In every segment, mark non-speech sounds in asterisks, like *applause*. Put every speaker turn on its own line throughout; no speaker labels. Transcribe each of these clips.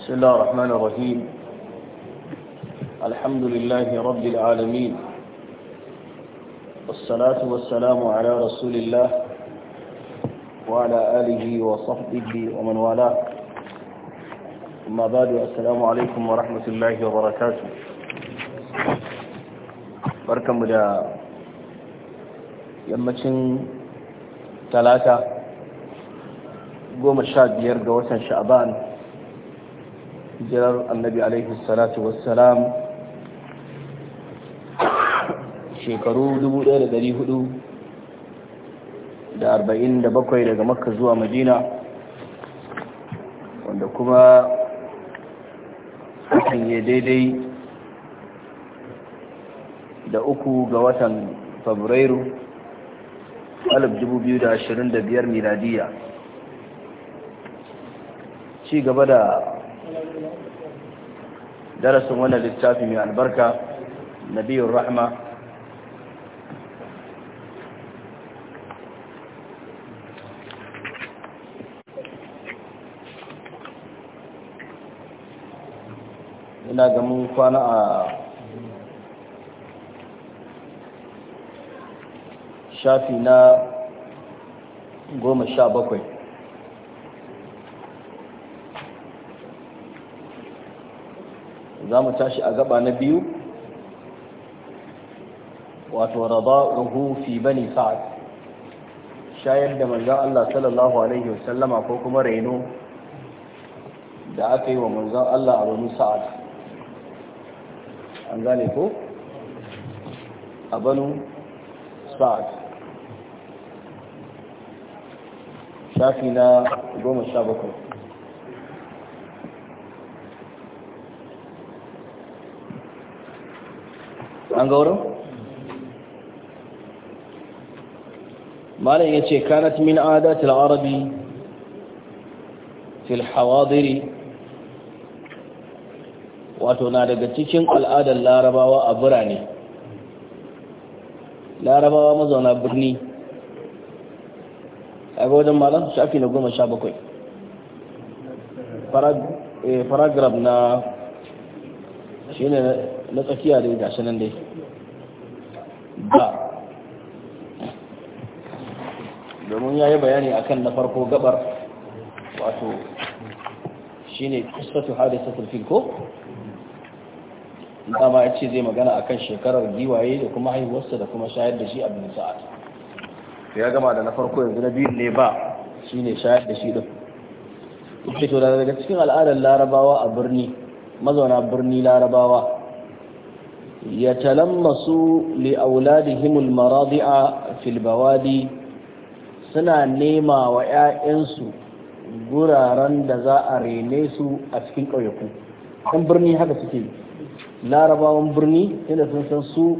بسم الله الرحمن الرحيم الحمد لله رب العالمين والصلاة والسلام على رسول الله وعلى آله وصحبه ومن والاه أما بعد السلام عليكم ورحمة الله وبركاته barkanmu da yammacin talata goma sha biyar ga watan شعبان Jirar annabi alaihi salatu wassalam shekaru 1447 daga makka zuwa madina wanda kuma hakan yi daidai da uku ga watan fabrairu 1225 miladiya ci gaba da darasin ولا littafi mai albarka نبي rahma ina ga mun kwana a shafi na goma sha bakwai za mu tashi a gaba na biyu wato raba ruhu fi bani sa'ad shayar da manzon Allah sallallahu alaihi wasallama ko kuma reno da aka yi wa manzan Allah a bani sa'ad an gane ko a banu sa'ad shafi na goma sha bakwai an ga wurin ya ce kanat min adat al-arabi fil hawadiri wato na daga cikin al'adar larabawa a birane larabawa mazauna birni a wajen malam shafi na goma sha bakwai eh, paragraf na shi ne na tsakiya dai shi nan dai ba domin ya yi bayani akan na farko gabar wato shine kustatu hadisatul turfin ko dama ya ce zai magana akan shekarar giwaye da kuma haihuwarsa da kuma shayar da shi a bin sa'ad ya gama da na farko yanzu na biyun ne ba Shi ne shayar da shi din ita to daga cikin al'adar larabawa a birni mazauna birni larabawa yatalammasu li auladihim maradi'a fil bawadi suna nema wa 'ya'yansu guraren da za a rene su a cikin ƙauyaku ɗan birni haka suke larabawan birni inda sun san su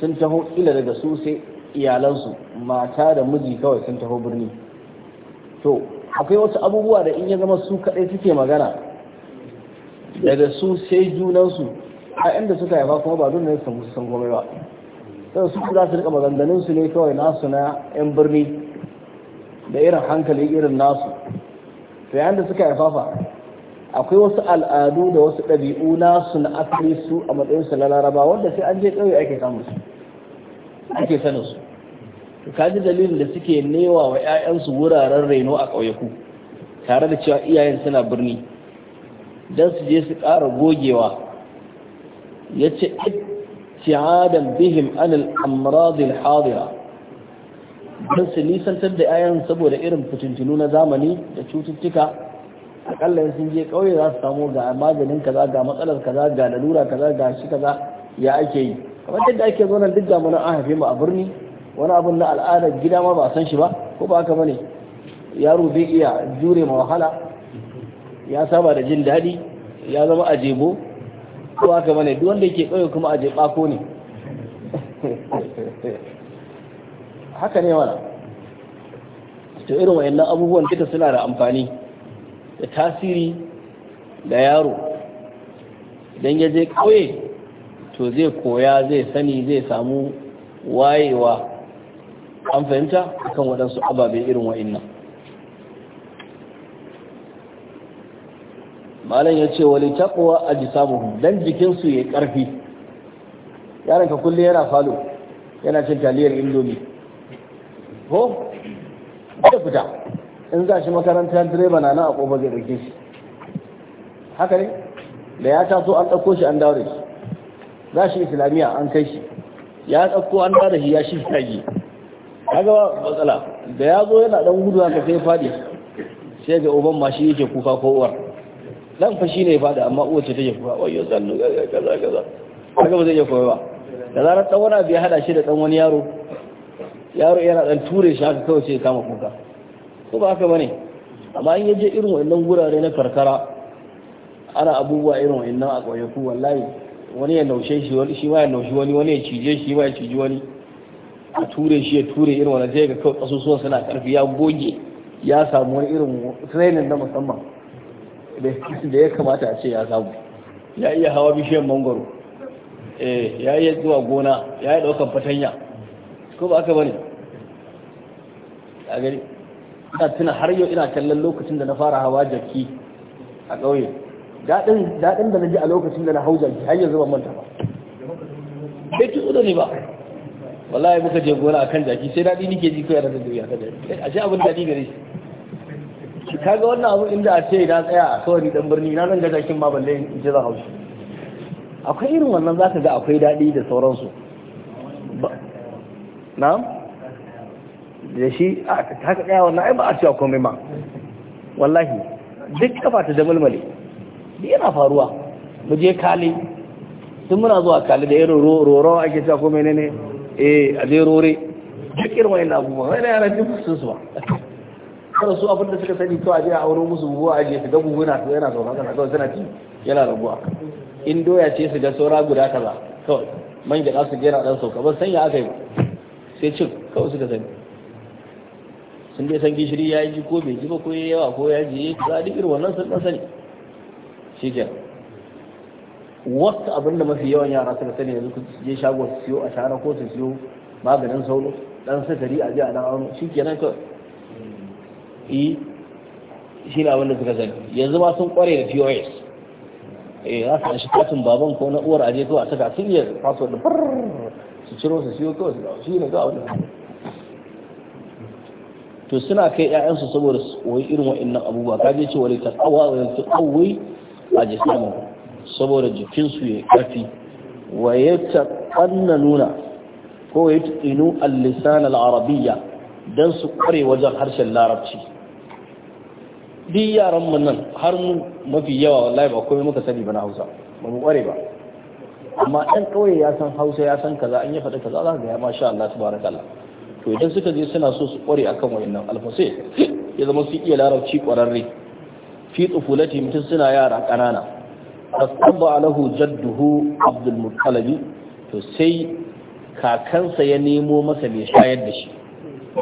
sun taho ila daga su sai iyalansu mata da miji kawai sun taho birni to akwai wasu abubuwa da in ya zama su kaɗai suke magana daga su sai junansu ƴaƴan da suka haifa kuma ba don ne su san komai ba sai su za su rika maganganun su ne kawai nasu na yan birni da irin hankali irin nasu to yayin da suka haifa fa akwai wasu al'adu da wasu ɗabi'u nasu na asali su a matsayin su na laraba wanda sai an je ƙauye ake samun su ake sanin su to kaji dalilin da suke newa wa ƴaƴansu wuraren reno a ƙauyaku tare da cewa iyayen suna birni don su je su ƙara gogewa yace ibtiadan bihim an al-amrad al-hadira dan su nisantar da ayan saboda irin fitintinu na zamani da cututtuka akalla sun je kauye za su samu ga maganin kaza ga matsalar kaza ga lalura kaza ga shi kaza ya ake yi kamar yadda ake zo nan duk da mun an haife mu a birni wani abun na al'adar gida ma ba san shi ba ko ba haka bane yaro zai iya jure ma wahala ya saba da jin daɗi ya zama ajebo ko haka bane duk wanda yake tsaye kuma a je bako ne haka ne wala to irin wayannan abubuwan duka suna da amfani da tasiri da yaro idan ya je kauye to zai koya zai sani zai samu wayewa an fahimta akan waɗansu ababe irin wa'innan malam ya ce wali taqwa ajsamuhum dan jikinsu ya karfi yaranka ka kulle yana falo yana cin taliyar indomi
ko da fita
in za shi makarantar direba na nan a kofar zai ɗauke shi haka ne da ya taso an ɗauko shi an daure shi za shi islamiyya an kai shi ya ɗauko an daure shi ya shi kaji kaga ba matsala da ya zo yana ɗan gudu haka sai fadi sai ga uban ma shi yake kuka ko uwar dan fa shine ya fada amma uwace take fa wayo zallu kaza kaza kaga ba zai iya koyo ba da zarar dan wani ya hada shi da dan wani yaro yaro yana dan ture shi haka kawai sai ya kama kuka ko ba haka bane amma in yaje irin wannan gurare na karkara ana abubuwa irin wannan a ku wallahi wani ya naushe shi wani shi ma ya naushi wani wani ya cije shi ma ya cije wani a ture shi ya ture irin wani zai ga kawai kasusuwan suna karfi ya goge ya samu wani irin training na musamman da ya kamata a ce ya samu ya iya hawa bishiyar mangoro eh, ya iya zuwa gona ya iya daukan fatanya ko ba aka bane a gari ina tuna har yau ina kallon lokacin da na fara hawa jaki a ƙauye daɗin da na ji a lokacin da na hau jaki har yanzu ban manta ba bai ki tsudo ne ba wallahi muka je gona akan jaki sai daɗi nike ji kawai da ya ta jaki a shi abin daɗi gare shi kaga wannan abu inda a ce na tsaya a kawai dan birni na nan ga ma balle in ji za haushi akwai irin wannan za ka ga akwai daɗi da sauransu na da shi ta ka tsaya wannan ai ba a cewa komai ma wallahi duk kafa ta damalmale duk yana faruwa mu je kali tun muna zuwa kali da irin roro ake cewa komai ne ne eh a je rore duk irin wani abubuwa wani yaran duk sun su ba kada su abinda suka sani to a je a auro musu buhu a je su ga buhuna to yana zaune kana kawai suna ci yana rabuwa. in doya ce su ga saura guda kaza kawai man gyaɗa su gera ɗan sauka ban sanya aka yi ba sai cin kawai suka sani sun dai san gishiri ya yi ko bai ji ba ko ya yawa ko ya ji za a duk irin wannan sun ɗan sani shi ke wasu abinda mafi yawan yara suka sani yanzu ku je shago su siyo a shara ko su siyo maganin sauro ɗan sakari a je a ɗan auno shi kenan kawai yi e, shi na wanda suka zai yanzu ma sun kware da pos eh za su shi katin baban ko na uwar aje zuwa saka sun yi password da su ciro su siyo kawai su dawo shi ne ga hannu. to suna kai ƴaƴansu saboda su koyi irin wa'annan abubuwa ka je cewa ta tsawa wa yanzu kawai a jisamu saboda jikinsu ya kafi wa ya nuna ko ya tsinu al-lisan al-arabiyya dan su kware wajen harshen larabci duk yaran mu nan har mu mafi yawa wallahi ba komai muka sani ba na Hausa ba mu kware ba amma dan ƙauye ya san Hausa ya san kaza an yi fada kaza za ka ga ya masha Allah tabarakallah to idan suka je suna so su kware akan wayannan alfasai ya zama su iya larabci kwararre fi tsufulati mutum suna yara ƙanana fasabba alahu jadduhu abdul Muttalib to sai kakansa ya nemo masa mai shayar da shi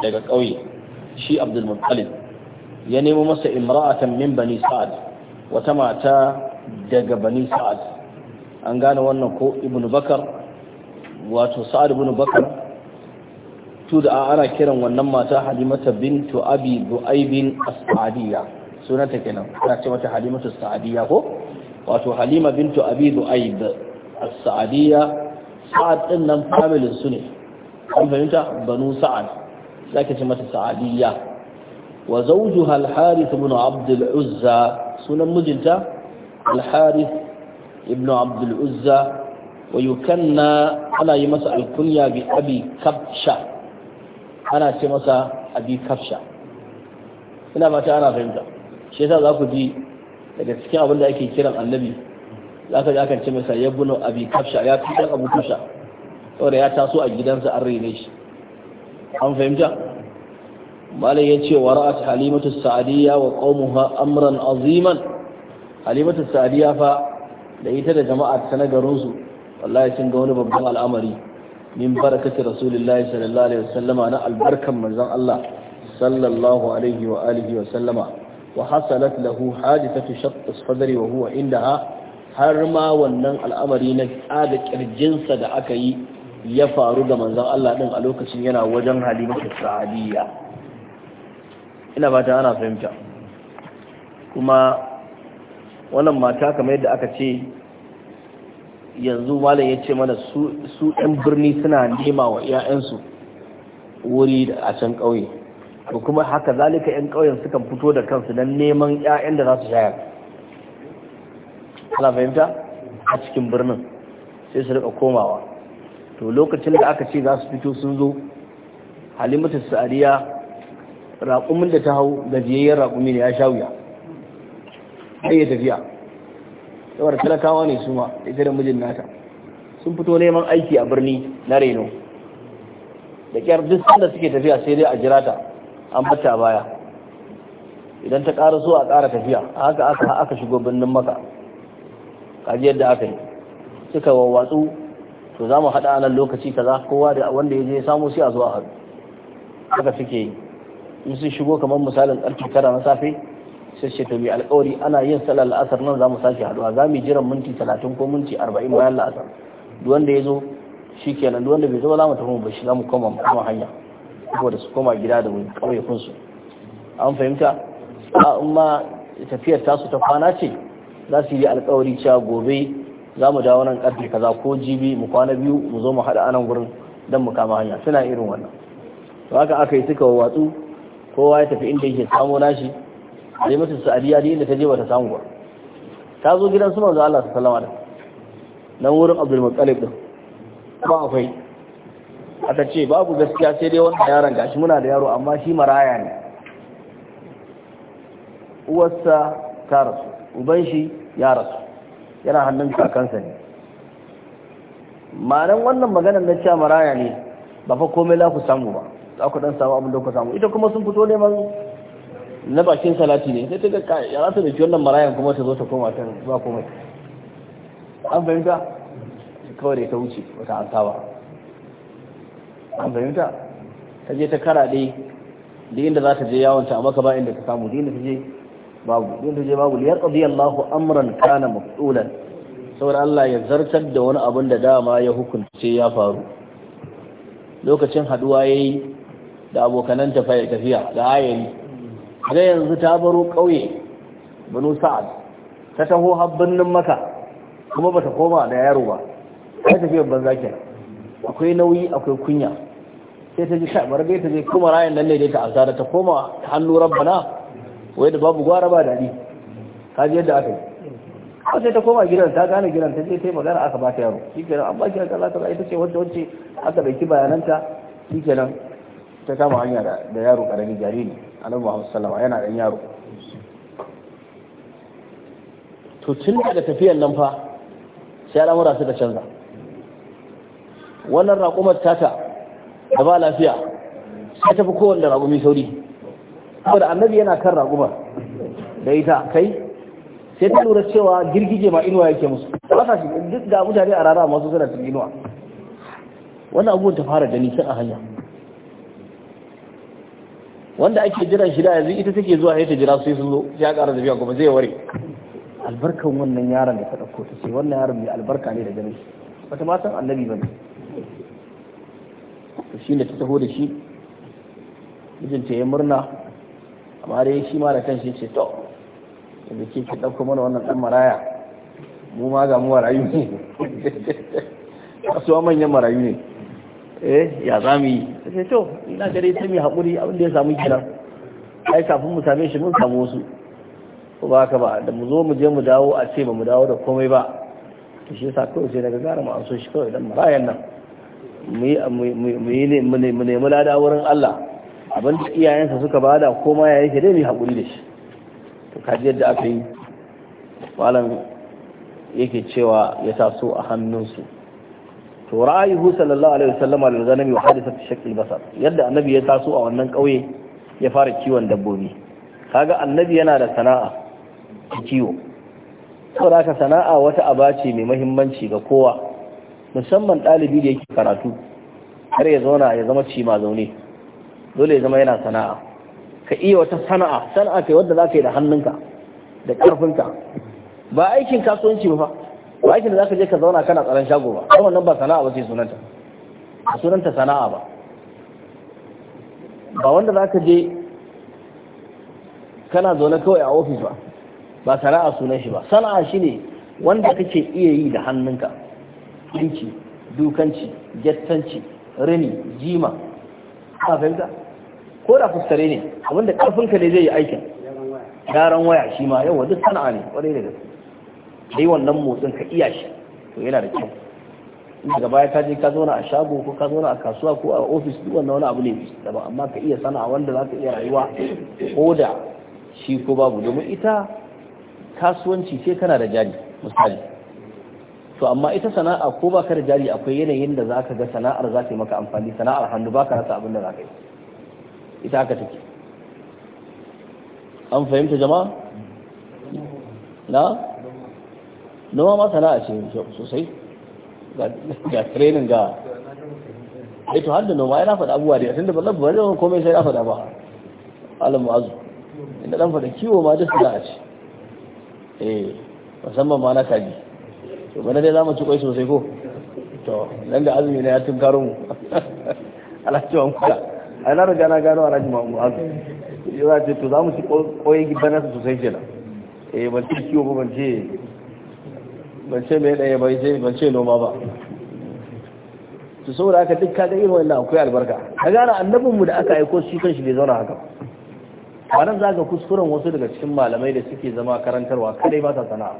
daga ƙauye shi abdul muttalib ya nemo masa imra'atan min bani sa'ad wata mata daga bani sa'ad an gane wannan ko ibn bakar wato sa'ad ibn bakar tu da ana kiran wannan mata halimata bintu abi du'aibin as sunanta kenan ana ce mata halimatu as-sa'adiyya ko wato halima bintu abi du'aib as sa'ad din nan family su ne an fahimta banu sa'ad zaka ce mata sa'adiyya wa zawjuha al-harith ibn abd al-uzza sunan mijinta al-harith ibn abd uzza wa yukanna ana yi masa alkunya bi abi kabsha ana ce masa abi kabsha ina fata ana fahimta shi yasa za ku ji daga cikin abin da ake kiran annabi za ka ji akan ce masa ya bunu abi kabsha ya fi dan abu kabsha saboda ya taso a gidansa an rene shi an fahimta malai ya ce wa ra'at halimatu sa'adiyya wa qaumuha amran aziman halimatu sa'adiyya fa da ita da jama'a ta na garin su wallahi sun ga wani babban al'amari min barakati rasulillahi sallallahu alaihi wasallama na albarkan manzon Allah sallallahu alaihi wa alihi wa sallama wa hasalat lahu hadithatu shatt sadri wa huwa indaha har ma wannan al'amari na tsaga kirjinsa da aka yi ya faru ga manzon Allah din a lokacin yana wajen halimatu sa'adiyya ina ba ta ana fahimta kuma wannan mata kamar yadda aka ce yanzu malam ya ce mana su 'yan birni suna nema wa 'ya'yansu wuri a can ƙauye ko kuma haka zalika 'yan ƙauyen sukan fito da kansu don neman 'ya'yan da za su shayar ana fahimta a cikin birnin sai su rika komawa to lokacin da aka ce za su fito sun zo halimatu sa'ariya raƙumin da ta hau da jiyayyar raƙumi ne ya sha wuya sai ya tafiya saboda talakawa ne su ma ita da mijin nata sun fito neman aiki a birni na reno da ƙyar duk sanda suke tafiya sai dai a jira ta an bata baya idan ta ƙara so a ƙara tafiya haka aka aka shigo birnin maka kaji yadda aka yi suka wawwatsu to za mu haɗa a nan lokaci kaza kowa da wanda ya je samu sai a zuwa haɗu haka suke yi in sun shigo kamar misalin karfe tara na safe sai ce to mai alkawari ana yin sallar la'asar nan za mu sake haduwa za mu jiran minti talatin ko minti arba'in bayan la'asar duk wanda ya zo shi kenan duk wanda bai zo ba za mu tafi mu bashi za mu koma mu koma hanya saboda su koma gida da wani ƙauye su an fahimta a in ma tafiyar tasu ta kwana ce za su yi alkawari cewa gobe za mu dawo nan karfe kaza ko jibi mu kwana biyu mu zo mu haɗa anan gurin don mu kama hanya suna irin wannan to haka aka yi suka watsu kowa ya tafi inda yake samu nashi zai mutu su adiya da inda ta je ba ta samu ba ta zo gidan su manzo Allah sallallahu alaihi nan wurin Abdul Muttalib din ba akwai aka ce babu gaskiya sai dai wannan yaron gashi muna da yaro amma shi maraya ne uwarsa ta rasu uban shi ya rasu yana hannun kakansa ne ma'anan wannan maganar na cewa maraya ne ba fa komai la ku samu ba za dan samu abin da ku samu ita kuma sun fito neman na bakin salati ne sai ta ga ya rasa da dauki wannan marayan kuma ta zo ta koma ta ba komai an fahimta kawai da ta wuce wata an saba an fahimta ta je ta kara dai da inda za ta je yawon ta maka ba inda ta samu da inda ta je babu da inda ta je babu liyar qadiyallahu amran kana maf'ulan saboda Allah ya zartar da wani abin da dama ya hukunce ya faru lokacin haduwa yayi da abokanan tafiya tafiya da ayyani ga yanzu ta baro ƙauye banu sa'ad ta taho habbinin maka kuma ba ta koma da yaro ba ta tafiya ban zakiya akwai nauyi akwai kunya sai ta ji sha margai ta je kuma rayan nan ne dai ta azara ta koma ta hannu rabbana wai da babu gwara ba dadi ka ji yadda aka yi har sai ta koma gidan ta gane gidan ta je ta yi magana aka ba ta yaro shi kenan an ba ki haka za ta ita ce wacce wacce aka ɗauki bayananta shi kenan ta kama hanya da yaro karami jariri annabi Muhammad sallama yana dan yaro to tun daga tafiyan nan fa sai al'amura suka canza wannan raƙumar tata da ba lafiya sai tafi kowanne raƙumi sauri saboda annabi yana kan raƙumar da ita kai sai ta lura cewa girgije ma inuwa yake musu ba shi duk ga mutane a rara masu suna cikin inuwa wannan abubuwan ta fara gani sun a hanya wanda ake jiran shi da yanzu ita take zuwa ya ta jira sai sun zo ya ƙara tafiya kuma zai ware albarkan wannan yaron da ta ɗauko ta ce wannan yaron mai albarka ne da ganin shi ma annabi ba ne shi ne ta taho da shi mijinta ya murna amma dai shi ma da kanshi ce to yanzu ke ki ɗauko mana wannan ɗan maraya mu ma ga mu marayu ne kasuwa *laughs* manyan marayu ne eh ya za mu yi sai to ina gare ta mu haƙuri abin ya samu kira ai kafin mu same shi mun samu wasu ko ba ka ba da mu zo mu je mu dawo a ce ba mu dawo da komai ba to shi yasa kawai sai daga gara mu an shi kawai dan marayan nan mu yi mu nemi lada wurin Allah abin da iyayensa suka bada koma ya yake dai mu haƙuri da shi to kaji yadda aka yi malam yake cewa ya taso a hannunsu to ra'ayuhu sallallahu alaihi wasallam al ganami wa hadithat shakl basar yadda annabi ya taso a wannan kauye ya fara kiwon dabbobi kaga annabi yana da sana'a kiwo saboda ka sana'a wata abaci mai muhimmanci ga kowa musamman ɗalibi da yake karatu har ya zauna ya zama cima zaune dole ya zama yana sana'a ka iya wata sana'a sana'a kai wadda za yi da hannunka da karfinka ba aikin kasuwanci ba ba aikin da za ka je ka zauna kana tsaron shago ba kuma wannan ba sana'a ba ce sunanta ba sunanta sana'a ba ba wanda za ka je kana zaune kawai a ofis ba ba sana'a sunan shi ba sana'a shi ne wanda kake iya yi da hannunka ɗinki dukanci jettanci, rini jima a fahimta ko da fuskare ne abinda ƙarfinka ne zai yi aikin gyaran waya shi ma yawa duk sana'a ne ƙwarai da gaske kai wannan motsin ka iya shi to yana da kyau daga baya ka je ka zauna a shago ko ka zauna a kasuwa ko a ofis duk wannan wani abu ne daban amma ka iya sana'a wanda za ka iya rayuwa ko da shi ko babu domin ita kasuwanci ce kana da jari misali to amma ita sana'a ko baka da jari akwai yanayin da zaka ga sana'ar za ta yi maka amfani sana'ar hannu baka rasa abin da za ka yi ita haka take an fahimta jama'a na noma ma sana'a ce sosai
ga training ga
ai eh, to har da noma yana faɗa abubuwa da tunda ba zan bari wani komai sai na faɗa ba alam mu'azu inda dan fada kiwo ma duk sana'a ce eh musamman ma na kaji to bana dai zamu ci kwai sosai ko to nan da azumi na ya tunkaro mu *laughs* alhaji an kula ai na riga na gano alhaji mu'azu ya ce to zamu ci koyi bana sosai na. eh ban ci kiwo ba ban ce ban ce mai ɗaya bai ce ban ce noma ba sau da aka duk kaga irin wannan akwai albarka ka gane annabinmu da aka aiko shi kanshi bai zauna haka ba nan za ka kuskuren wasu daga cikin malamai da suke zama karantarwa kadai ba ta sana'a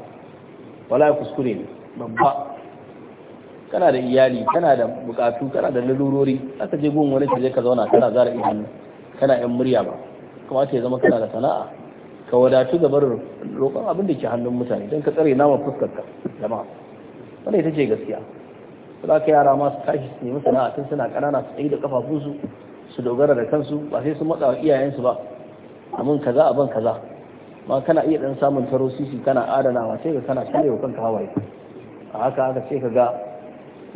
wala ya kuskure ne babba kana da iyali kana da bukatu kana da lalurori aka je gun wani ka je ka zauna kana zara idanu kana yan murya ba kuma ya zama kana da sana'a ka wadatu gabar roƙon abin da ke hannun mutane don ka tsare nama fuskarka jama'a wanda ita ce gaskiya za ka yara ma su tashi su nemi sana'a tun suna ƙanana su tsaye da ƙafafunsu, su dogara da kansu ba sai sun matsa iyayensu ba amin kaza a ban kaza ma kana iya ɗan samun taro sisi kana adanawa sai ka kana shirya wa kanka hawaye a haka haka sai ka ga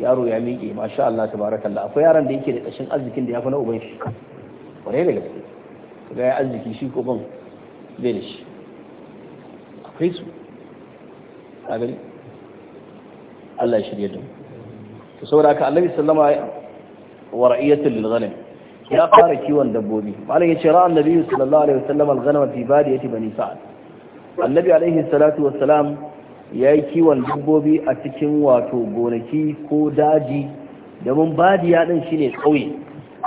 yaro ya miƙe masha Allah tabarakallah akwai yaran da yake da ƙashin arzikin da ya fi na uban shi da gaske ga ya arziki shi ko ban bai akwai su abin Allah ya shirya da mu saboda haka Allabi sallama wa ra'iyatul lil ghanim
ya fara kiwon
dabbobi malam yace ra'a Annabi sallallahu alaihi wasallam al ghanama fi badiyati bani sa'ad Annabi alaihi salatu Wasalam, ya yi kiwon dabbobi a cikin wato gonaki ko daji domin badiya din shine kauye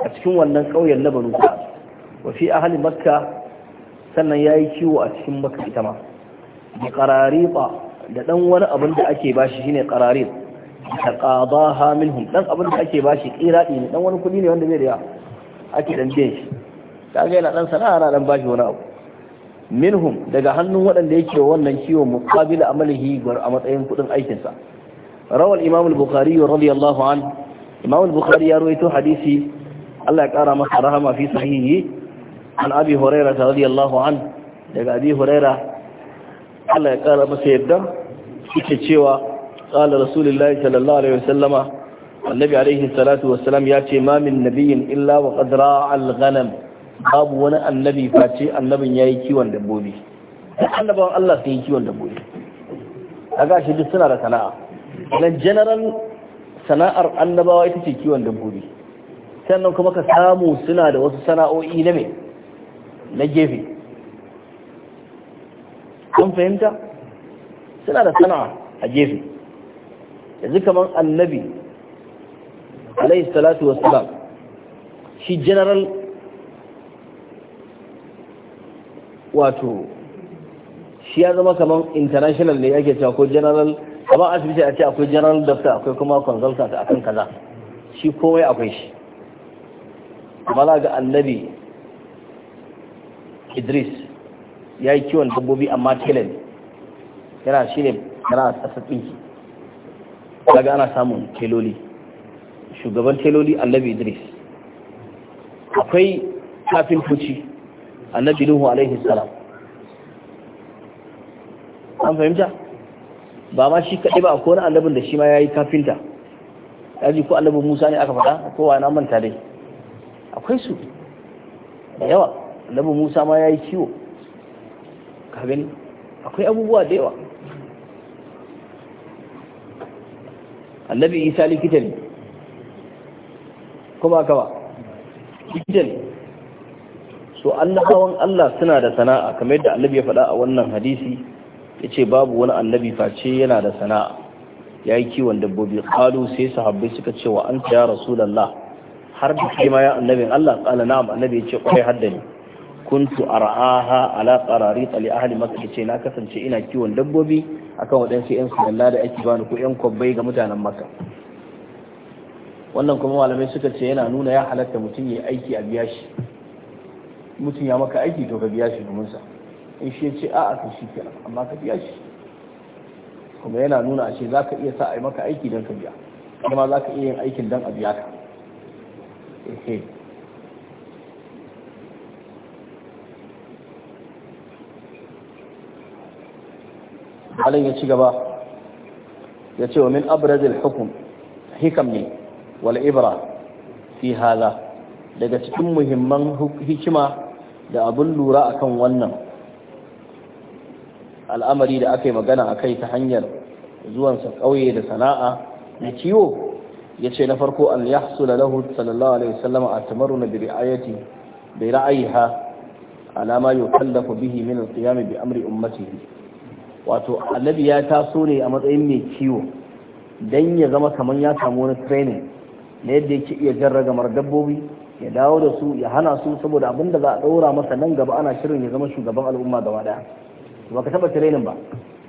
a cikin wannan kauyen na banu sa'ad wa fi ahli makka sannan ya yi ciwo a cikin maka ita ma da ba. da ɗan wani abin da ake bashi shine ƙarariɓ da ƙaba ha minhum ɗan abin da ake bashi ƙiraɗi ne ɗan wani kudi ne wanda zai da ake ɗan biyan shi ta yana ɗan sana'a na ɗan bashi wani abu minhum daga hannun waɗanda yake wannan ciwo muqabila amalihi a matsayin kuɗin aikinsa rawal imam al-bukhari radiyallahu an imam al-bukhari ya rawaito hadisi Allah ya kara masa rahama fi sahihi an abi huraira ta radiyallahu an daga abi huraira Allah ya kara masa yadda yake cewa qala rasulullahi sallallahu alaihi wasallama annabi alaihi salatu wassalam ya ce ma min illa wa qad ra'al babu wani annabi face annabin yayi kiwon dabbobi duk annabawan Allah sai kiwon dabbobi kaga shi duk suna da sana'a nan general sana'ar annabawa ita ce kiwon dabbobi sannan kuma ka samu suna da wasu sana'o'i na na gefe kun fahimta suna da sana'a a gefe yanzu kamar annabi alaihi salatu wassalam shi general wato shi ya zama kamar international ne ake cewa ko general kamar asibiti a ce akwai general doctor akwai kuma consultant akan kaza shi komai akwai shi amma ga annabi idris ya yi kiwon dabbobi amma tela yana shi ne yana sassa daga ana samun teloli shugaban teloli annabi idris akwai kafin fuci annabi nuhu alaihi salam an fahimta ba ma shi kaɗai ba akwai wani annabin da shi ma ya yi kafinta ya ji ko annabin musa ne aka faɗa kowa na manta dai akwai su da yawa annabi musa ma ya yi kiwo ka gani akwai abubuwa da yawa annabi isa likita ne kuma kawa likita ne so annabawan allah suna da sana'a kamar yadda annabi ya faɗa a wannan hadisi ya ce babu wani annabi face yana da sana'a ya yi kiwon dabbobi kalu sai sahabbai suka ce wa an ya rasulallah har da kima ma ya annabin allah tsala na'am annabi ya ce kwarai haddani kuntu ara'aha ala qararit li ahli makka ce na kasance ina kiwon dabbobi akan waɗansu yan sunalla da ake bani ko yan kwabbai ga mutanen makka wannan kuma malamai suka ce yana nuna ya halatta mutum ya aiki a biya shi mutum ya maka aiki to ka biya shi domin sa in shi ce a'a to shi kenan amma ka biya shi kuma yana nuna a ce zaka iya sa a maka aiki don ka biya kuma zaka iya yin aikin don a biya
ka
halin ya ci gaba ya ce wa min abrazil hukum hikam ne wal ibra fi hala daga cikin muhimman hikima da abin lura akan wannan al'amari da aka yi magana a kai ta hanyar zuwansa ƙauye da sana'a ya kiwo ya ce na farko an ya su lahu sallallahu alaihi wasallam a tamaru na bir'ayati bai ra'ayi ha alama yau kallafa bihi min al-qiyam bi amri ummatihi wato annabi ya taso ne a matsayin mai ciwo dan ya zama kamar ya samu wani training na yadda yake iya jarraga ragamar dabbobi ya dawo da su ya hana su saboda abin da za a ɗora masa nan gaba ana shirin ya zama shugaban al'umma gaba daya ba ka taɓa training ba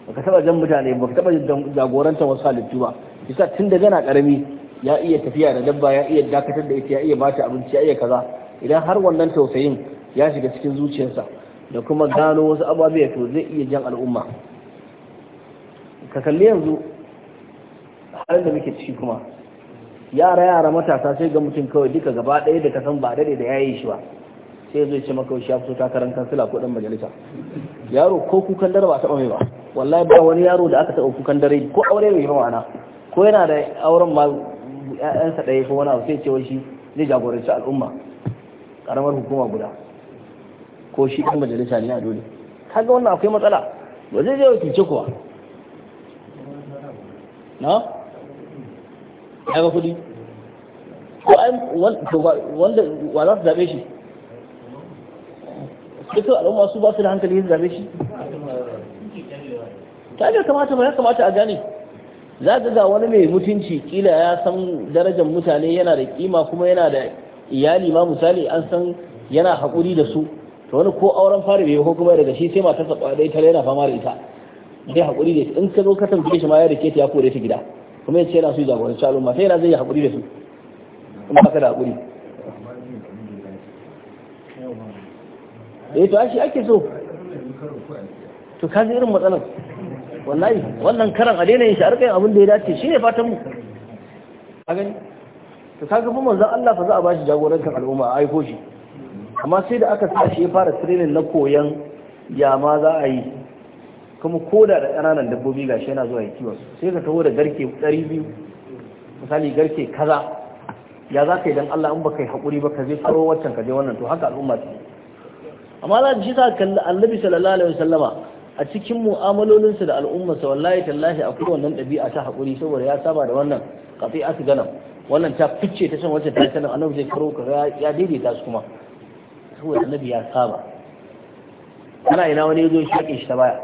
ba ka taɓa jan mutane ba ka taɓa jagorantar wasu halittu ba bisa tun da gana ƙarami ya iya tafiya da dabba ya iya dakatar da ita ya iya bata abinci ya iya kaza idan har wannan tausayin ya shiga cikin zuciyarsa da kuma gano wasu ababe to zai iya jan al'umma ka kalli yanzu halin da muke ciki kuma yara yara matasa sai ga mutum kawai duka gaba ɗaya da kasan ba daɗe da ya yi shi ba sai zai ce maka shi ya fito takarar kansila ko ɗan majalisa yaro ko kukan dare ba a taɓa mai ba wallahi ba wani yaro da aka taɓa kukan dare ko aure mai ma'ana ko yana da auren ma ƴaƴansa ɗaya ko wani abu sai ce wai shi zai jagoranci al'umma karamar hukuma guda ko shi ɗan majalisa ne a dole kaga wannan akwai matsala ba zai je wakilce kuwa na ya ga kudi ko wanda wa za su zaɓe shi duka al'umma su ba su da hankali yin zaɓe shi ta ga kamata ba ya kamata a gane za ka ga wani mai mutunci kila ya san darajar mutane yana da kima kuma yana da iyali ma misali an san yana haƙuri da su to wani ko auren fara bai ko kuma daga shi sai matarsa ɗaya ta yana fama da ita zai haƙuri da su, in ka zo ka tambaye shi ma ya rike ta ya kore ta gida kuma yace yana so ya jagoranci al'umma sai yana zai yi haƙuri da su in ba ka da haƙuri
eh to ashi ake so
to ka irin matsalar wallahi wannan karan a daina yin shi a rikayin abin da ya dace shi ne fatan mu a gani to ga fa manzon Allah fa za a bashi jagorantar al'umma a aiko shi amma sai da aka tashi ya fara training na koyan ya ma za a yi kuma koda da ƙananan dabbobi gashi yana zuwa yi kiwon sai ka taho da garke ɗari biyu misali garke kaza ya za ka yi don Allah in baka yi haƙuri ba ka zai faro waccan ka je wannan to haka al'umma ce amma za ji ta kalli annabi sallallahu alaihi wasallama a cikin mu'amalolinsa da al'ummarsa wallahi tallahi akwai wannan ɗabi'a ta haƙuri saboda ya saba da wannan kafi su gana wannan ta fice ta san wacce ta yi sanar annabi zai karo ka ya daidaita su kuma saboda annabi ya saba ana ina wani ya zo shi shi ta baya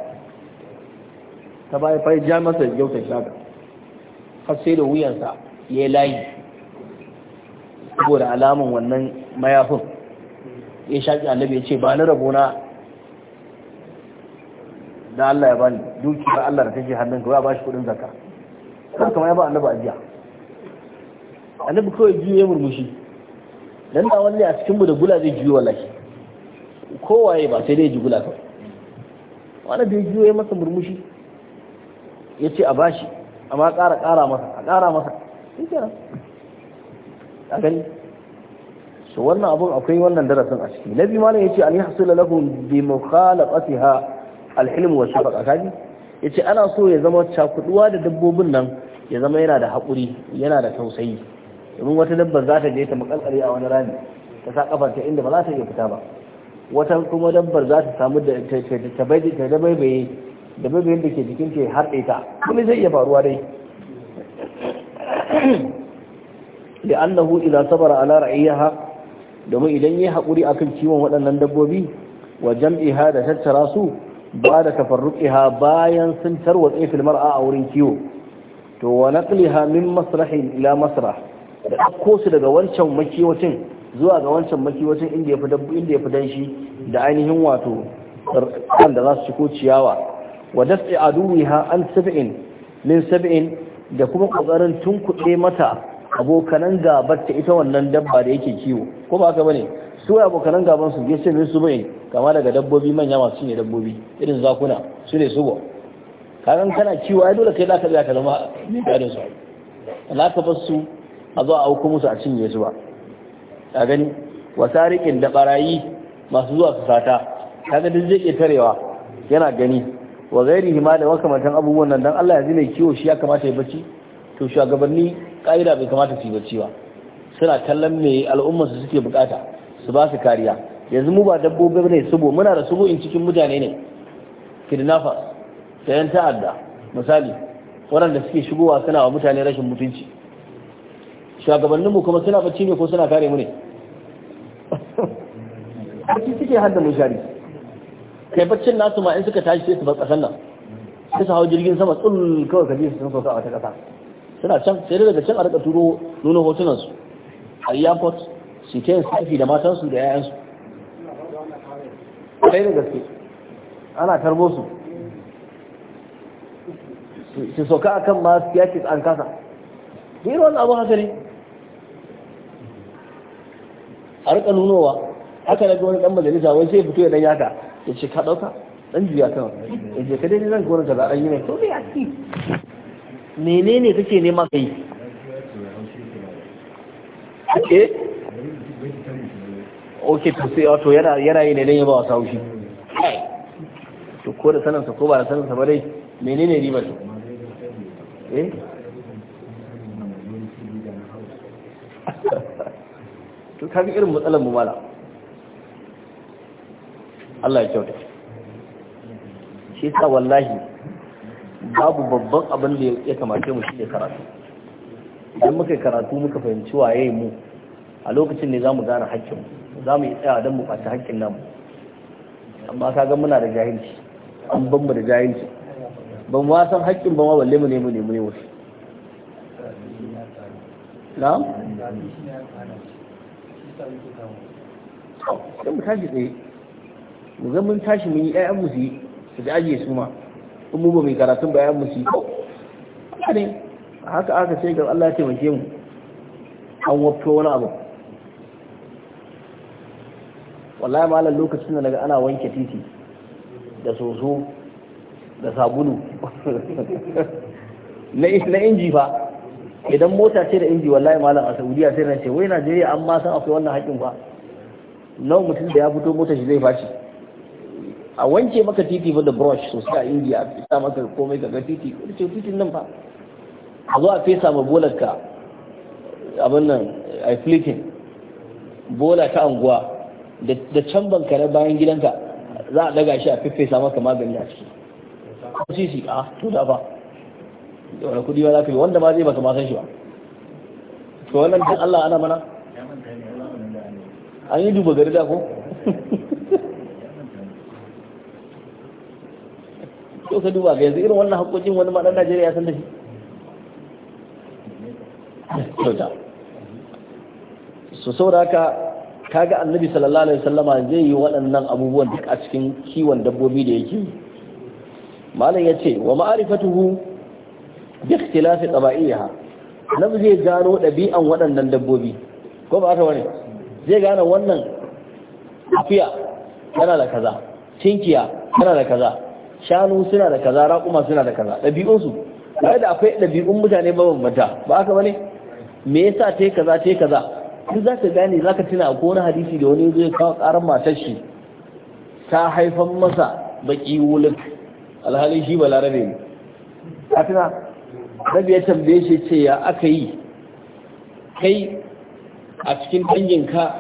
ta baya fari ja masa gyautar shaga har sai da wuyansa ya yi layi saboda alamun wannan mayafin ya shaƙi annabi ya ce ba ni rabona da Allah ya bani duki ba Allah da take hannun ka ba shi kudin zakka kar kamar ya ba annabi ajiya annabi kawai biyu ya murmushi dan da wani a cikin mu da gula zai juyo wallahi kowaye ba sai dai ji gula kawai wani da ya juyo ya masa murmushi ya ce a bashi amma ƙara kara masa a kara masa shi kenan a gani so wannan abun akwai wannan darasin a ciki na biyu malam yace an yahsula lahum bi mukhalaqatiha alhilm wa shafaqa kaji yace ana so ya zama cakuduwa da dabbobin nan ya zama yana da haƙuri yana da tausayi domin wata dabba za ta je ta makalkare a wani rami ta sa kafarta inda ba za ta iya fita ba wata kuma dabbar za ta samu da ta bai ta da bebayin da ke jikin ke harɗe ta kuma zai iya faruwa dai li'annahu idza sabara ala ra'iyaha domin idan yayi hakuri akan ciwon waɗannan dabbobi wa jam'iha da tattara su ba da tafarruqiha bayan sun tarwa fil mar'a a wurin kiwo to wa naqliha min masrahin ila masrah da ɗauko su daga wancan makiwacin zuwa ga wancan makiwacin inda ya fi danshi da ainihin wato kan da za su ci ciyawa wa daf'i aduwiha an sab'in da kuma kokarin tunkuɗe mata abokanan gabar ta ita wannan dabba da yake kiwo ko ba haka bane su abokanan gaban su ce min su bai kama daga dabbobi manya masu cinye dabbobi irin zakuna su ne subo kagan kana kiwo ai dole kai ka tsaya ka zama ne gadin su Allah ka bar su a zo a auko musu a cinye su ba a gani wa da barayi masu zuwa su sata kaga duk zai ke tarewa yana gani wa gairi ma da makamantan abubuwan nan dan Allah ya mai kiwo shi ya kamata ya bacci to shugabanni ƙa'ida bai kamata su yi bacci ba suna kallon me al'ummar su suke bukata su ba su kariya yanzu mu ba dabbobi ne subo muna da subo in cikin mutane ne kidnappers da yan ta'adda misali waɗanda suke shigowa suna wa mutane rashin mutunci shugabanninmu kuma suna bacci ne ko suna kare mu ne *laughs* bacci suke hadda mu kai baccin nasu ma in suka tashi sai su bar kasan nan sai su hau jirgin sama tsul kawai ka ji su sun sauka a wata ƙasa suna can sai dai daga can a rika turo nuna hotunan su a airport su ke yin safi da matansu da 'ya'yansu sai da gaske ana tarbo su su sauka a kan masu yaki an kasa duk wani abu haka ne a rika nunowa haka na wani dan majalisa wai sai fito ya dan yaka ya ce ka ɗauka ɗan juya kan ya ce ka dai zan gona da ra'ayi ne. to a ci menene kake nema kai? ake ok to sai wato yana yana yi ne dan ya ba wa saushi to ko da sanansa sa ko ba da sa ba dai menene ribar
eh *laughs*
to kaga irin matsalar mu mala Allah ya kyauta shi sa wallahi babu babban abin da ya kamace mu shi ne karatu idan muka karatu muka fahimci waye mu a lokacin ne zamu gane hakkin mu zamu yi tsaya don mu faci hakkin namu amma ga muna da jahilci an ban mu da jahilci ban ma san hakkin ba ma balle mu ne mu ne mu ne wasu
na'am mu
tsaye mu zan mun tashi mun yi ƴaƴan mu su yi su ajiye su ma in mu ba mai karatun ba ƴaƴan mu su yi haka ne haka aka sai ga Allah ya taimake mu an wafto wani abu wallahi malam lokacin da naga ana wanke titi da soso da sabulu *laughs* na inji fa idan mota ce da inji wallahi malam a saudiya sai na ce wai najeriya an ma san akwai wannan haƙƙin fa nawa mutum da ya fito mota shi zai fashi a wanke maka titi ba da brush sosai a indiya a fita maka komai ka ga titi ko ce titin nan fa a zo a fesa ma bolar ka abin nan a flitin bola ta anguwa da can banka na bayan gidanka za a daga shi a fesa maka magani a ciki ko sisi a to da ba da wani kudi ba za ka yi wanda ma zai baka masan shi ba to wannan duk Allah ana mana an yi duba gari da ko
to ka duba ga yanzu
irin wannan haƙoƙin wani ma Najeriya ya san da shi kyauta su sauraka kaga annabi sallallahu alaihi wasallama zai yi waɗannan abubuwan duk a cikin kiwon dabbobi da yake yi malam ce wa ma'arifatuhu bi ikhtilafi qabaiha nabi zai gano ɗabi'an waɗannan dabbobi ko ba haka bane zai gano wannan afiya tana da kaza cinkiya tana da kaza shanu suna da kaza raƙuma suna da kaza ɗabi'unsu tare da akwai ɗabi'un mutane mabambanta ba haka bane me yasa ta kaza ta kaza duk za ka gane za ka tuna ko wani hadisi da wani zai kawo ƙarar matar shi ta haifan masa baƙi wulin alhali shi ba larabe ne a tuna rabi ya tambaye shi ce ya aka yi kai a cikin danginka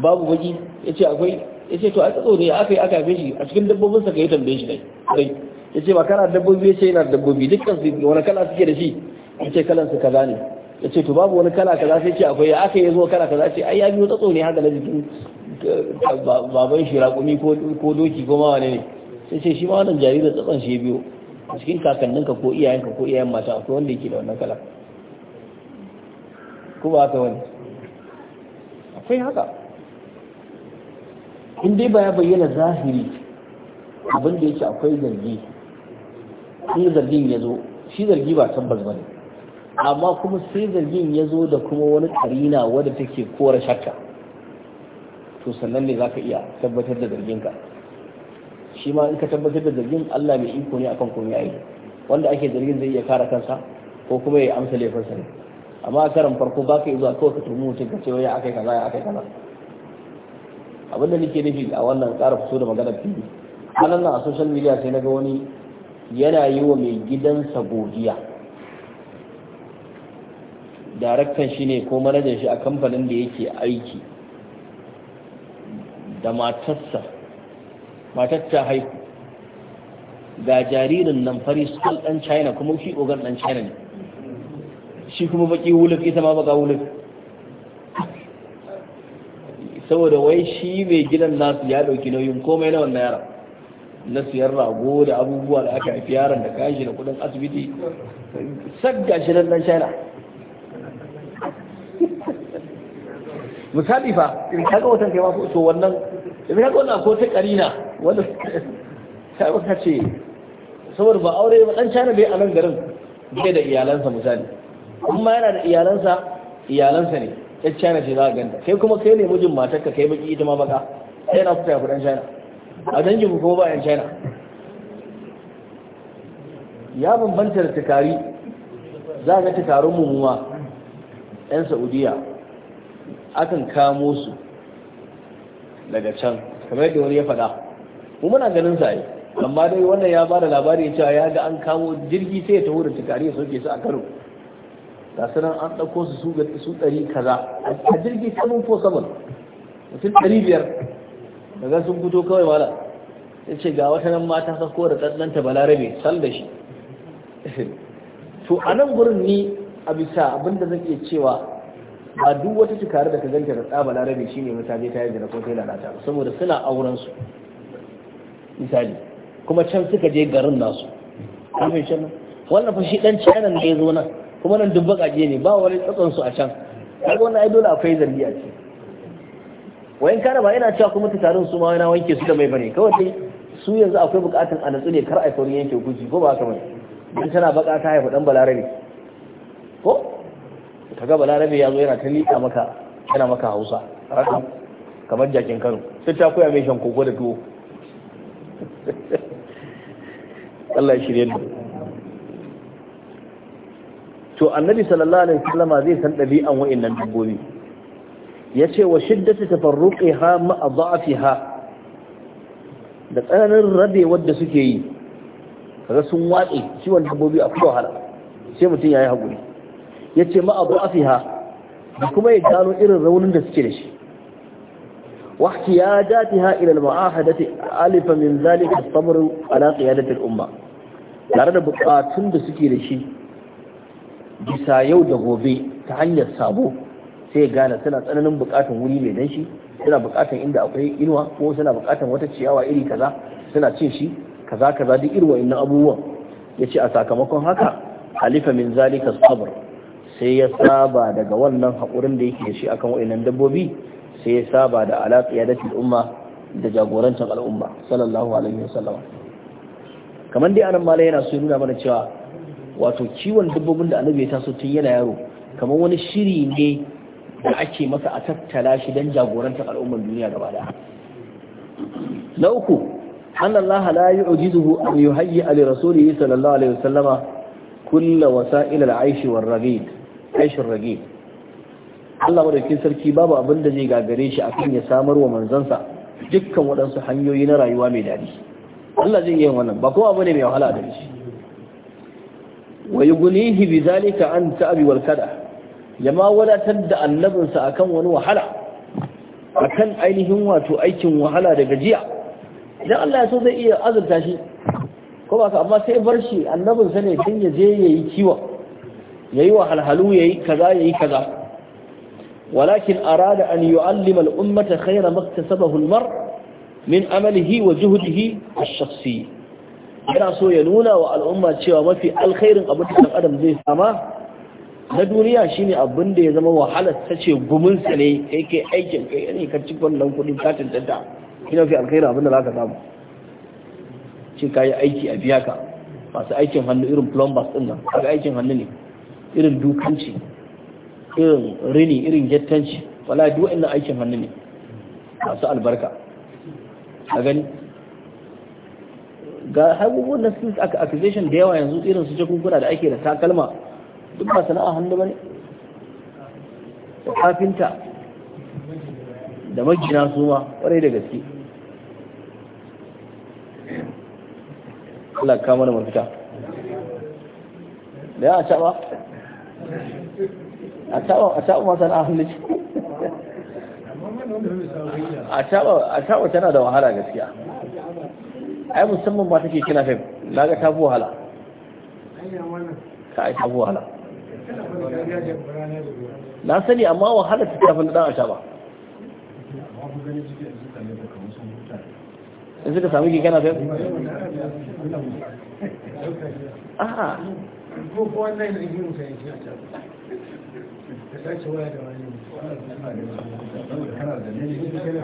babu baki, ya ce akwai ya ce to a tsatso ne aka yi aka fi shi a cikin dabbobin sa ka yi tambaye shi dai ya ce ba kana dabbobi ya ce yana dabbobi dukkan su wani kala suke da shi ya ce kalan su kaza ne ya ce to babu wani kala kaza sai ce akwai ya aka yi zuwa kala kaza ce ai ya biyo tsatso ne haka na jikin eh, baban shi raƙumi ko doki ko mawane ne sai ce shi ma wannan jaririn tsatson shi ya biyo a cikin kakanninka ko iyayenka ko iyayen mata akwai wanda yake da wannan kala ko ba haka wani akwai haka in dai ba ya bayyana zahiri abin da yake akwai zargi in zargin ya zo shi zargi ba tabbas ba ne amma kuma sai zargin ya zo da kuma wani karina wadda take kora shakka to sannan ne za ka iya tabbatar da zarginka shi ma in ka tabbatar da zargin Allah mai iko ne akan komai aiki wanda ake zargin zai iya kara kansa ko kuma ya amsa laifinsa ne amma a karan farko ba ka yi zuwa kawai ka turmi mutum ka ce wai ya akai kaza ya akai kaza Abin abinda nake nufi a wannan ƙara fito da magana fili anan a social media sai naga wani yana yi wa mai gidansa godiya daraktan shi ne ko manajan shi a kamfanin da yake aiki da matarsa matar ta haihu ga jaririn nan fari sukan dan china kuma shi ogan dan china ne shi kuma baki wulif ita ma baka wulif saboda wai shi mai gidan nasu ya dauki nauyin komai na wannan yaran na siyar rago da abubuwa da aka haifi yaran da kashi da kudin asibiti sagga shi nan dan china *laughs* misali fa in ga watan kai ma to wannan in ga wannan ko ta karina wanda sai *laughs* ka ce saboda ba aure ba dan china bai a nan garin bai da iyalansa misali amma yana da iyalansa iyalansa ne yan china ce za a ganta kai kuma kai ne mijin matar ka kai baki ita ma baka sai na fita fudan china a dangin ku kuma ba yan china ya bambanta da tukari za ga tukarun mummuwa yan saudiya akan kamo su daga can kamar yadda wani ya faɗa mu muna ganin sa amma dai wannan ya ba da labari cewa ya ga an kamo jirgi sai ya taho da tukari ya sauke su a karo ga su nan an ɗauko su su gari su ɗari kaza a jirgi saman mutum ɗari biyar daga sun fito kawai mala ya ce ga wata nan mata sako da ɗanɗanta balarabe sal da shi to a nan gurin ni a bisa abinda zan iya cewa ba duk wata cikari da ka ganta da tsaba larabe shi ne mutane ta yi na ko ta lalata saboda suna auren su misali kuma can suka je garin nasu kafin shan wannan fa shi dan china ne ya zo nan kuma nan duk kaje ne ba wani tsatson su a can har wani ai dole akwai zargi a ciki wayan kare ba ina cewa kuma tarin su ma na wanke su da mai bane kawai dai su yanzu akwai bukatun a natsu ne kar a saurin yanke guji ko ba haka bane dan tana baka ta haifa dan balarabe ko kaga balarabe ya zo yana ta liƙa maka yana maka hausa kamar jakin kano sai ta koya mai shan koko da tuwo *laughs* Allah ya shirye ni to annabi sallallahu alaihi wasallama zai san dabi'an wa'annan dabbobi yace wa shiddatu tafarruqiha ma adhafiha da tsananin rabe da suke yi kaga sun watsi ciwon dabbobi a kuma wahala sai mutum yayi hakuri yace ma adhafiha da kuma ya gano irin raunin da suke da shi wa ihtiyajatiha ila al-mu'ahadati alifa min dhalika as-sabr ala qiyadati al-umma tare da bukatun da suke da shi bisa yau da gobe ta hanyar sabo sai gane suna tsananin bukatan wuri mai danshi suna bukatan inda akwai inuwa ko suna bukatan wata ciyawa iri kaza suna cin shi kaza kaza duk irin wa'annan abubuwan ya ce a sakamakon haka halifa min zalika sabr sai ya saba daga wannan haƙurin da yake shi akan wa'annan dabbobi sai ya saba da alaƙiya da umma da jagorancin al'umma sallallahu alaihi wasallam kamar dai anan malai yana so nuna mana cewa wato kiwon dabbobin da annabi ya taso tun yana yaro kamar wani shiri ne da ake masa a tattala shi don jagorantar al'ummar duniya gaba da na uku an Allah la yu'jizuhu an yuhayyi ali rasulihi sallallahu alaihi wasallama kulla wasa'il al-aishi war ragid aishin ragid Allah sarki babu abin da zai gagare shi akan ya samar wa manzansa dukkan waɗansu hanyoyi na rayuwa mai daɗi Allah zai yi wannan ba kowa ne mai wahala da shi wa yughnihi bidhalika an ta'abi wal kada ya ma wadatar da annabinsa akan wani wahala akan ainihin wato aikin wahala da gajiya idan Allah ya so zai iya azurta shi ko ba ka amma sai bar shi annabinsa ne tun ya je yayi kiwa yayi wahalhalu yayi kaza yayi kaza walakin arada an yu'allima al-ummata kaira ma iktasabahu al-mar min amalihi wa juhdihi ash yana so ya nuna wa al'umma cewa mafi alkhairin abin da ɗan adam zai sama na duniya shine abin da ya zama wahala ta ce gumin sa ne kai kai aikin kai ne ka ci wannan kuɗi ka tantanta ina fi alkhairin abin da zaka samu shi ka aiki a biya ka masu aikin hannu irin plumbers din nan kaga aikin hannu ne irin dukanci irin rini irin gettanci wala duk wannan aikin hannu ne masu albarka a gani ga abubuwan na sun aka accusation da yawa yanzu irin su jakunkuna da ake da takalma duk ba sana'a hannu ne, da kafinta da magina su ma kwarai da gaske Allah ka da mafita da ya a taɓa a taɓa a taɓa hannu ce *laughs* a taɓa tana da wahala gaskiya ai musamman ba take kina fim na ga tafi wahala
ka ai tafi wahala na sani amma wahala ta tafi na dan a ba in suka sami kikana fim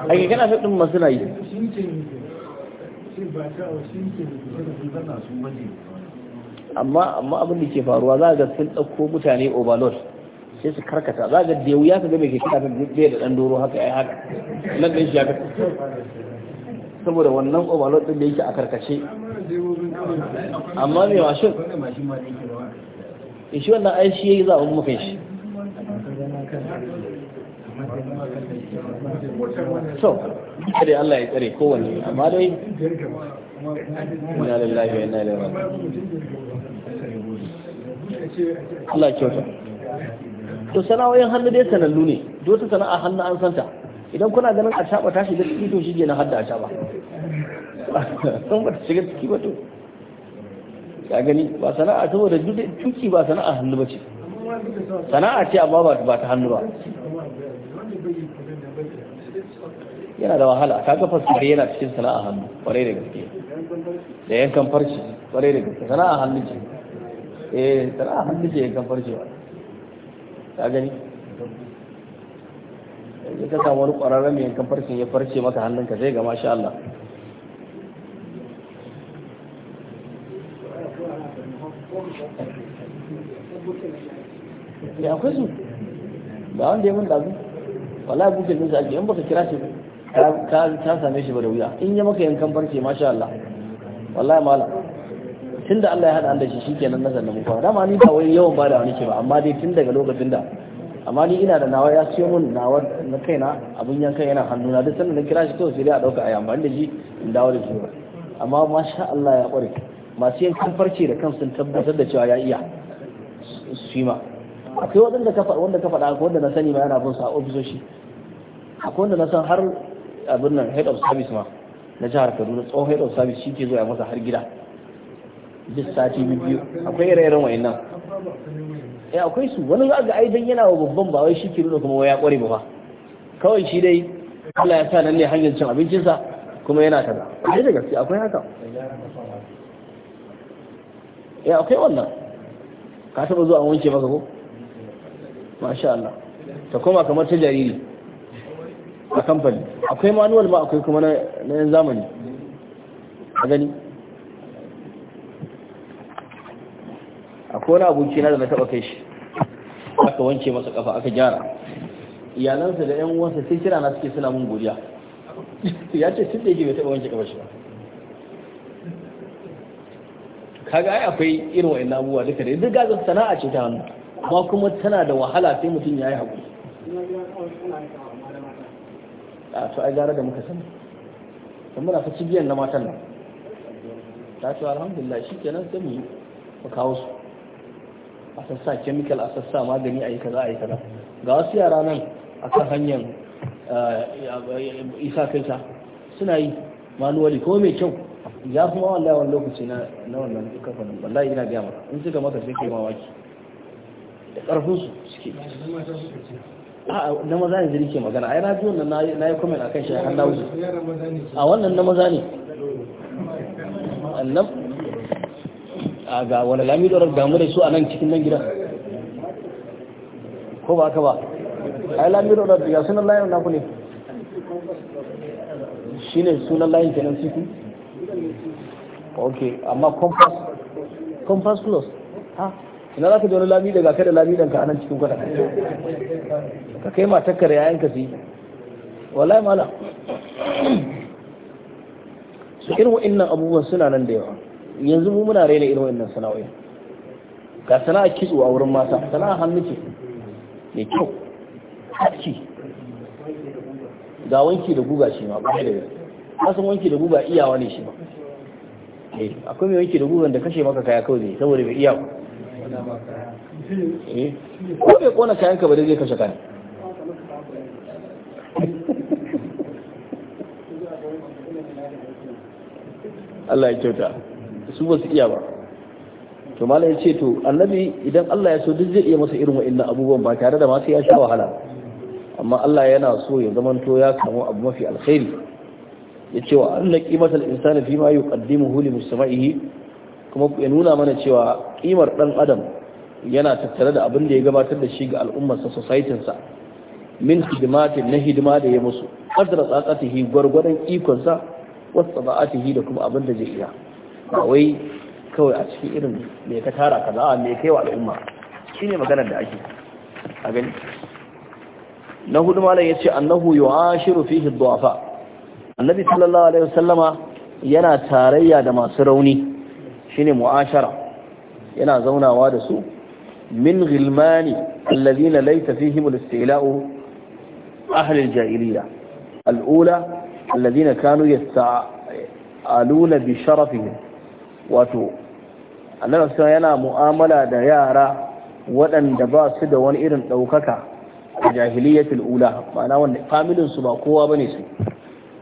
a kikana fim ɗin masu na yi
amma amma abin da ke faruwa za ga sun ɗauko mutane overload sai su karkata za ga da ya ka ga mai kira ta ɗaya da ɗan doro haka ya haka nan da shi haka saboda wannan overload ɗin da yake a karkace
amma mai mashin
eh, shi wannan ai shi yayi zaɓen mafi shi
so kare Allah ya tsare kowanne amma dai inna lillahi wa inna ilaihi raji'un Allah kyauta to sana'o'in hannu dai
sanannu ne dole sana'a hannu an santa idan kuna ganin a shaɓa ta da ciki to shige na hadda a shaɓa sun *laughs* ba ta shiga ciki ba to ka gani ba sana'a saboda duk ciki ba sana'a hannu ba ce sana'a ce amma ba ta hannu ba
yana da wahala ka ga fasfari yana
cikin sana'a hannu kwarai da gaske da yankan farce kwarai da gaske sana'a hannu ce eh sana'a hannu ce yankan farce ba ka gani yanzu ka samu wani kwararren mai yankan farce ya farce maka hannunka zai ga masha Allah
sai akwai su ba wanda
ya mun da wallahi buke din sa ake in baka kira shi ka ka same shi ba da wuya in ya maka yankan barke masha Allah wallahi malam tunda Allah ya hada an da shi shikenan da mu muku dama ni ba wai yawan bada wani ke ba amma dai tun daga lokacin da amma ni ina da nawa ya siyo mun nawa na kaina abun yankan yana hannuna duk sanda na kira shi kawai sai dai a dauka a yi amfani shi in dawo da shi ba amma masha Allah ya kware masu yankan farce da kansu tabbatar da cewa ya iya su yi ma akwai waɗanda ka faɗa wanda ka faɗa akwai wanda na sani ma yana bin sa ofisoshi akwai wanda na san har abin nan head of service ma na jihar Kaduna tsohon head of service shi ke zuwa masa har gida duk sati biyu akwai ire-iren wayannan eh akwai su wani za ga ai dan yana wa babban ba wai shi ke nuna kuma wai ya kware ba kawai shi dai Allah ya sa nan ne hanyar cin abincinsa kuma yana kaza ai da gaske akwai haka eh akwai wannan ka taba zuwa wanke maka ko masha Allah ta koma kamar ta jariri a kamfani akwai manuwal ma akwai kuma na yan zamani a gani akwai wani na da na taba kai shi aka wanke masa kafa aka gyara iyalansa da yan uwansa sai kira na suke suna mun godiya ya ce tun da yake bai taba wanke kafa shi ba kaga ai akwai irin wa'annan abubuwa duka da duk gazan sana'a ce ta hannu ba kuma tana da wahala sai mutum ya yi haƙuri a to ai gara da muka sani don muna fa cibiyar na matan nan ta ce alhamdulillah shi kenan sai mu yi mu kawo su a sassa chemical a sassa magani a yi kaza a yi kaza ga wasu yara nan a kan hanyar eh, isa kaisa suna yi manuwali ko mai kyau ya fi ma wallahi wani lokaci na wannan kafanin wallahi ina gaya maka in suka maka sai kai mamaki
da ƙarfinsu suke
na maza ne rike magana ai na biyu wannan na yi comment akan shi a na a wannan na maza ne
annab a ga wani lami da gamu da su a nan cikin nan gida
ko ba ka ba ai lami da wadda ga sunan layin naku ne
shi ne sunan layin kenan siku
ok amma compass compass plus ha ina za ka ji wani lami daga kai da lami dan ka anan cikin kwata ka kai ma takkar da yayan ka sai wallahi mala su irin wa'annan abubuwan suna nan da yawa yanzu mu muna raina irin wa'annan sana'o'i ga sana'a kitso a wurin mata sana'a hannu ce mai kyau haski ga wanki da guga shi ma ba da kasan wanki da guga iyawa ne shi ba eh, akwai mai wanki da gugan da kashe maka kaya kawai saboda mai iyawa Eh? ko bai kona kayan ka ba dai zai kashe kayan? *laughs* Allah ya kyauta su ba su iya ba to malai ya ce to annabi idan Allah ya so duk zai iya masa irin wa'annan abubuwan ba tare da masu ya sha wahala amma Allah yana so ya zamanto ya samu abu mafi alkhairi ya ce wa anna qimatal insani fi ma yuqaddimuhu li mustama'ihi kuma ya nuna mana cewa kimar dan adam yana tattare da abin da ya gabatar da shi ga al'ummarsa sosaitinsa, min hidimatin na hidima da ya musu qadra tsaqatihi gwargwadon ikonsa wasu ba'atihi da kuma abin da zai iya ba wai kawai a cikin irin me ka tara ka a me kai wa al'umma ne maganar da ake a gani na hudu malam yace annahu yu'ashiru fihi fa. annabi sallallahu alaihi wasallama yana tarayya da masu rauni shine mu'ashara yana zaunawa da su min ghilmani alladhina laysa fihim al-istila'u ahli al-jahiliya al-ula alladhina kanu
yasta'aluna
bi sharafihim wato annabi yana mu'amala da yara waɗanda ba su da wani irin ɗaukaka a jahiliyatul ula ma'ana wanda familin su ba kowa bane su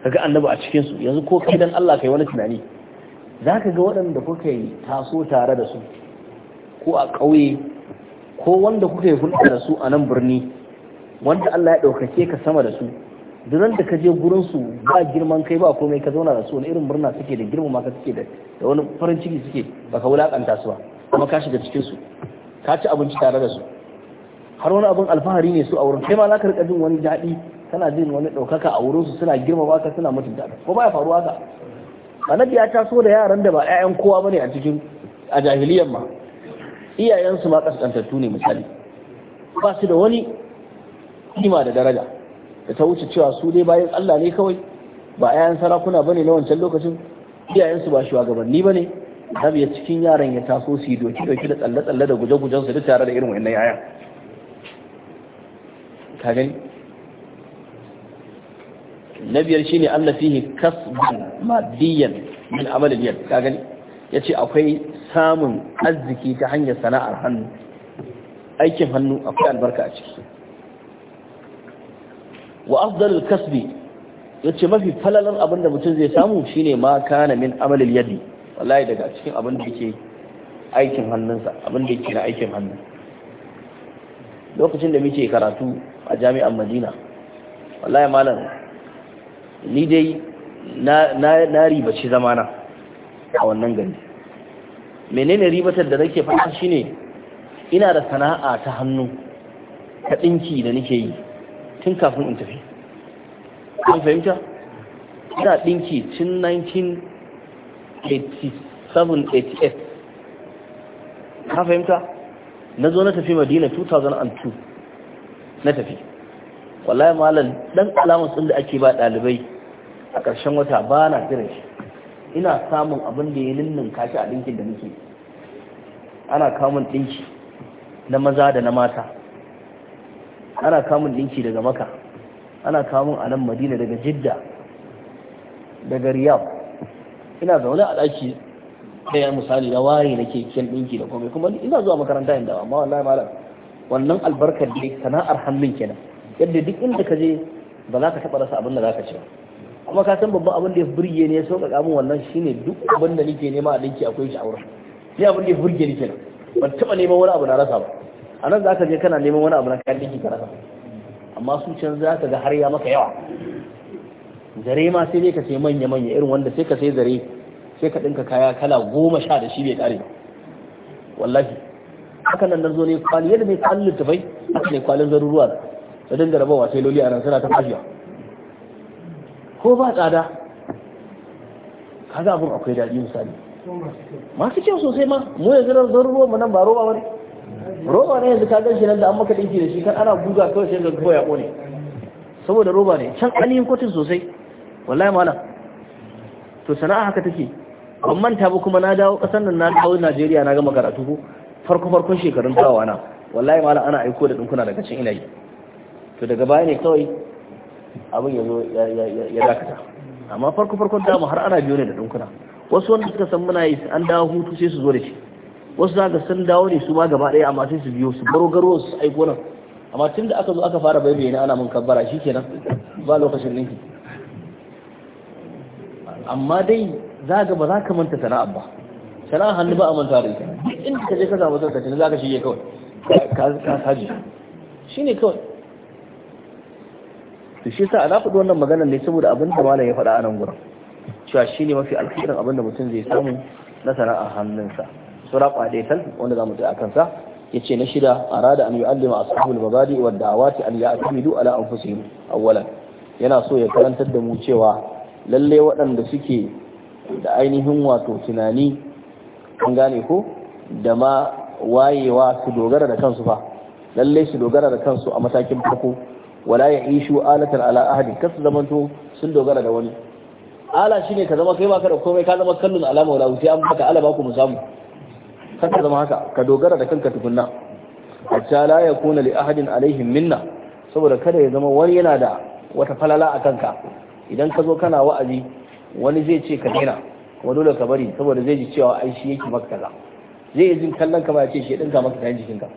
kaga annabi a cikin su yanzu ko kai dan Allah kai wani tunani za ka ga waɗanda kuka yi taso tare da su ko a ƙauye ko wanda kuka yi hulɗa da su a nan birni wanda Allah ya ɗaukake ka sama da su duran da ka je gurin su ba girman kai ba komai ka zauna da su wani irin murna suke da girmama ka suke da wani farin ciki suke Ba ka wulaƙanta su ba kuma ka shiga cikin su ka ci abinci tare da su har wani abin alfahari ne su a wurin kai ma za ka rika jin wani daɗi kana jin wani ɗaukaka a wurin su suna girmama ka suna mutunta ko ba ya faruwa haka annabi ya taso da yaran da ba ƴaƴan kowa bane a cikin a jahiliyar ma iyayensu ma kaskantattu ne misali ba su da wani kima da daraja da ta wuce cewa su dai bayan Allah ne kawai ba ƴaƴan sarakuna bane na wancan lokacin iyayensu ba shugabanni bane annabi ya cikin yaran ya taso su yi doki doki da tsalle tsalle da guje gujen su duk tare da irin wannan yayan ka gani na biyar shine Allah fihi kasban madiyan min amalin yad ka gani yace akwai samun arziki ta hanyar sana'ar hannu aikin hannu akwai albarka a ciki wa afdalul kasbi yace mafi falalan abin da mutum zai samu shine ma kana min amalin yadi wallahi daga cikin abin da yake aikin hannunsa abin da yake na aikin hannu lokacin da muke karatu a jami'ar Madina wallahi malam ni dai na ribaci zamana a wannan gani menene ribatar da nake faɗa shine ina da sana'a ta hannu ta ɗinki da nake yi tun kafin in tafi Kun fahimta ina dinki tun 1987-88 ka fahimta na zo na tafi madina 2002 na tafi wallahi malam dan alamun sun da ake ba ɗalibai a ƙarshen wata ba na kiran shi ina samun abin da ya linnin kashi a dinkin da muke ana kamun ɗinki na maza da na mata ana kamun ɗinki daga maka ana kamun a nan madina daga jidda daga riyab ina zaune a ɗaki ɗaya misali na waye na keken ɗinki da komai kuma ina zuwa makaranta dawa amma wallahi malam wannan albarkar da sana'ar hannun kenan yadda duk inda ka je ba za ka taɓa rasa abin da za ka ci amma ka san babban abin da ya burge ne ya sauƙaƙa min wannan shine duk abin da nake nema a dinki akwai shi a wurin ni abin da ya burge ni kenan ban taɓa neman wani abu na rasa ba a nan za ka je kana neman wani abu na kayan dinki ka rasa amma su can za ka ga har ya maka yawa zare ma sai ne ka sai manya manya irin wanda sai ka sai zare sai ka ɗinka kaya kala goma sha da shi bai ƙare wallahi haka nan zo ne kwali yadda mai kwalin littafai haka ne kwalin zaruruwa da dinga bawa sai loli a nan suna ta fashiya ko ba tsada kaga abun akwai daɗi misali masu kyau sosai ma mu yanzu nan zan ruwa mu nan ba roba bane roba ne yanzu ka gan shi nan da an maka ɗinki da shi kan ana buga kawai sai ga ya kone saboda roba ne can ainihin kotun sosai wallahi malam to sana'a haka take an manta ba kuma na dawo ƙasar nan na dawo Najeriya na gama karatu ko farko farkon shekarun dawowa na wallahi malam ana aiko da ɗinkuna daga cin ina yi to daga baya ne kawai abin ya zo ya dakata amma farko farkon dama har ana biyo ne da dunkuna wasu wanda suka san muna yi an dawo hutu sai su zo da shi wasu za sun dawo ne su ma gaba ɗaya amma sai su biyo su baro garo su aiko nan amma tun da aka zo aka fara bai bayyana ana mun kabbara shi kenan ba lokacin ninki amma dai za ga ba za ka manta sana'a ba sana'a hannu ba a manta da ita duk inda ka je ka samu sarkaci na za ka shige kawai ka saji shi ne kawai to shi sa ana faɗi wannan maganar ne saboda abin da malam ya faɗa a nan gurin cewa ne mafi alkhairin abin da mutum zai samu na sana'a hannunsa sura qadaitan wanda zamu ji akan sa ce na shida arada an yu'allima ashabul mabadi wa da'awati an ya'tamidu ala anfusihim awwalan yana so ya karantar da mu cewa lalle waɗanda suke da ainihin wato tunani an gane ko da ma wayewa su dogara da kansu fa lalle su dogara da kansu a matakin farko wala ya ishu alatan ala ahadi kasu zamanto sun dogara da wani ala shine ka zama kai baka da komai ka zama kallon alama wala wuce an baka ala baku mu samu kar zama haka ka dogara da kanka tukunna hatta la yakuna li ahadin alaihim minna saboda kada ya zama wani yana da wata falala a kanka idan ka zo kana wa'azi wani zai ce ka daina kuma dole ka bari saboda zai ji cewa ai shi yake maka kaza zai yi jin kallon ka ba ya ce shi ɗinka maka kayan jikinka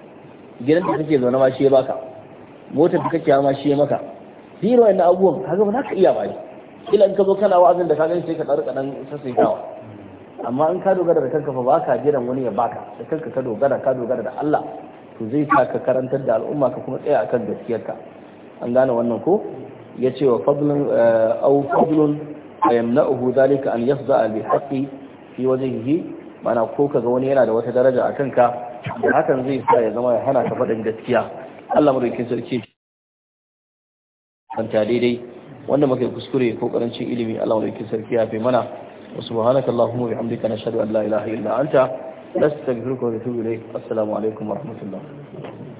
gidan da kake zaune ma shi ya baka motar da kake ma shi ya maka biro yana abubuwan kaga ba za ka iya ba kila in ka zo kana wa'azin da ka gani sai ka tsarka dan sassaitawa amma in ka dogara da kanka fa ba ka jiran wani ya baka da kanka ka dogara ka dogara da Allah to zai sa ka karantar da al'umma ka kuma tsaya akan gaskiyarka an gane wannan ko yace wa fadlun eh, au fadlun yamna'uhu zalika an yafza bi haqqi fi wajhihi mana ko kaga wani yana da wata daraja akan ka hakan zai sa ya zama ya hana ka faɗin gaskiya Allah madaukakin sarki kanta daidai wanda muka kuskure ko karancin ilimi Allah madaukakin sarki ya fi mana wa subhanaka allahumma wa bihamdika nashhadu an la ilaha illa anta nastaghfiruka wa natubu ilayk assalamu alaikum wa rahmatullah